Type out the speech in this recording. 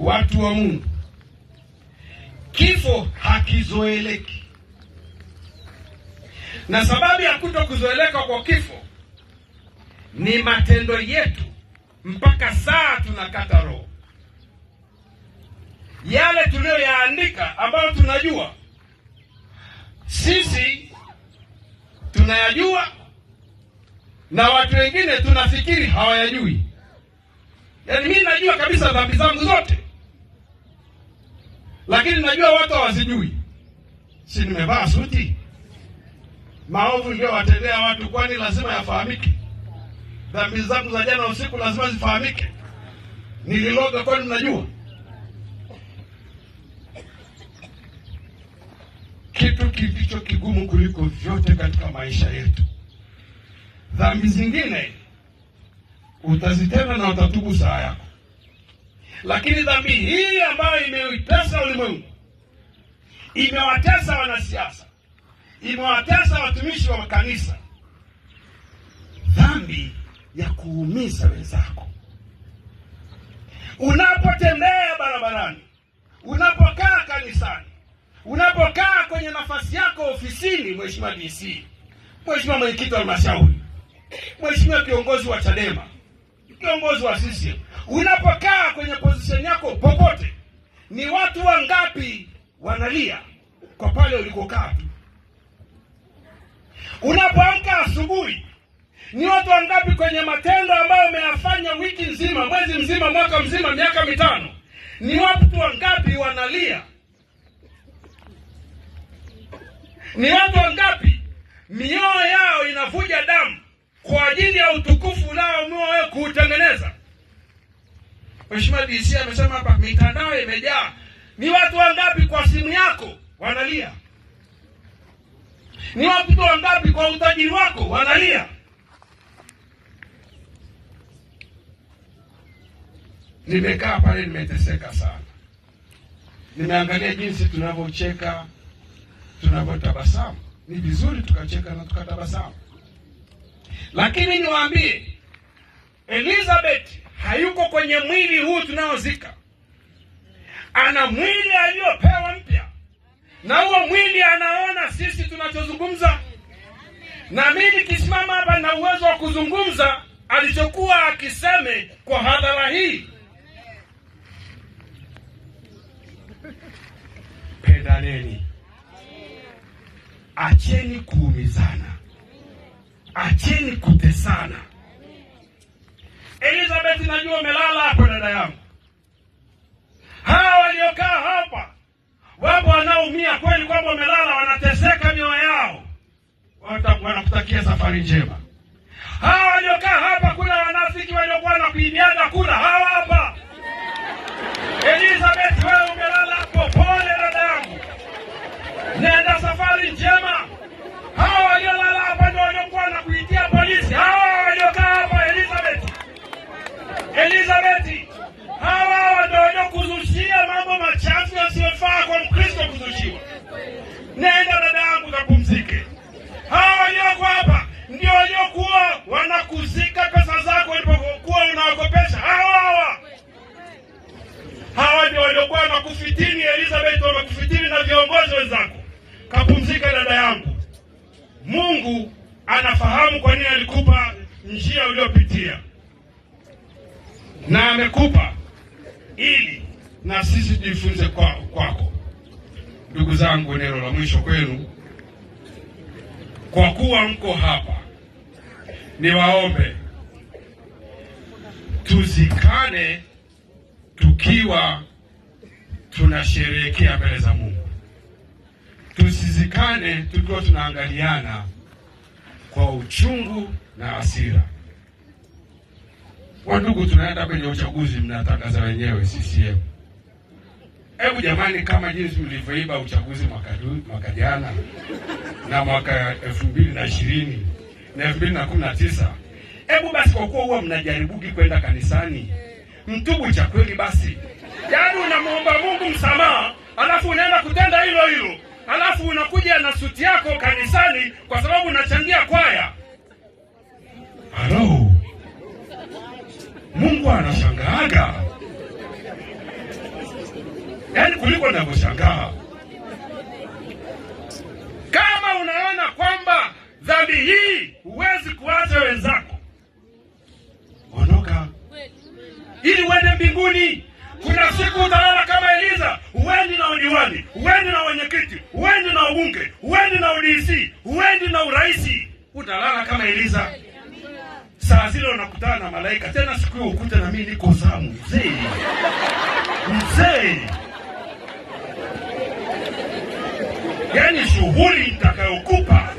Watu wa Mungu, kifo hakizoeleki, na sababu ya kuto kuzoeleka kwa kifo ni matendo yetu mpaka saa tunakata roho, yale tuliyoyaandika ambayo tunajua sisi tunayajua na watu wengine tunafikiri hawayajui. Yaani mimi najua kabisa dhambi zangu zote lakini najua watu hawazijui. Si nimevaa suti? Maovu ndio watendea watu, kwani lazima yafahamike? Dhambi zangu za jana usiku lazima zifahamike? Nililoga, kwani mnajua? Kitu kilicho kigumu kuliko vyote katika maisha yetu, dhambi zingine utazitenda na utatubu saa yako. Lakini dhambi hii ambayo imeitesa ulimwengu, imewatesa wanasiasa, imewatesa watumishi wa makanisa, dhambi ya kuumiza wenzako unapotembea barabarani, unapokaa kanisani, unapokaa kwenye nafasi yako ofisini, Mheshimiwa DC, Mheshimiwa mwenyekiti wa halmashauri, Mheshimiwa kiongozi wa Chadema, kiongozi wa CCM Unapokaa kwenye position yako popote, ni watu wangapi wanalia kwa pale ulikokaa tu? Unapoamka asubuhi, ni watu wangapi kwenye matendo ambayo umeyafanya wiki nzima, mwezi mzima, mwaka mzima, miaka mitano, ni watu wangapi wanalia? Ni watu wangapi mioyo yao inavuja damu kwa ajili ya utukufu lao Mheshimiwa DC amesema hapa, mitandao imejaa. Ni watu wangapi kwa simu yako wanalia? Ni watu wangapi kwa utajiri wako wanalia? Nimekaa pale nimeteseka sana, nimeangalia jinsi tunavyocheka, tunavyotabasamu. Ni vizuri tukacheka na tukatabasamu, lakini niwaambie Elizabeth hayuko kwenye mwili huu tunaozika, ana mwili aliyopewa mpya, na huo mwili anaona sisi tunachozungumza. Na mimi nikisimama hapa na uwezo wa kuzungumza alichokuwa akiseme kwa hadhara hii. Pendaneni, acheni kuumizana, acheni kutesana. Elizabeth, najua umelala hapo dada yangu. Hawa waliokaa hapa wapo wanaumia kweli kwamba wamelala, wanateseka mioyo yao, wanakutakia safari njema hawa waliokaa anafahamu kwa nini alikupa njia uliyopitia na amekupa ili na sisi tujifunze kwako kwa. Ndugu zangu, neno la mwisho kwenu, kwa kuwa mko hapa, niwaombe tuzikane tukiwa tunasherehekea mbele za Mungu, tusizikane tukiwa tunaangaliana kwa uchungu na hasira. Wandugu, tunaenda kwenye uchaguzi, mnatangaza wenyewe CCM. Hebu jamani, kama jinsi ulivyoiba uchaguzi mwaka jana na mwaka elfu mbili na ishirini na elfu mbili na kumi na tisa hebu basi, kwa kuwa huwa mnajaribuki kwenda kanisani, mtubu cha kweli basi. Yaani unamuomba Mungu msamaha, alafu unaenda kutenda hilo hilo alafu unakuja na suti yako kanisani kwa sababu unachangia kwaya. Halo, Mungu anashangaaga yaani kuliko navyoshangaa Kama unaona kwamba dhambi hii huwezi kuacha wenzako, ondoka ili uende mbinguni. Kuna siku utalala kama Eliza, uendi na udiwani, uendi na wenyekiti ubunge, huendi na udisi, huendi na urais, utalala kama Eliza. Saa zile unakutana na malaika tena, siku hiyo ukute na mimi niko zamu, mzee mzee, yaani shughuli nitakayokupa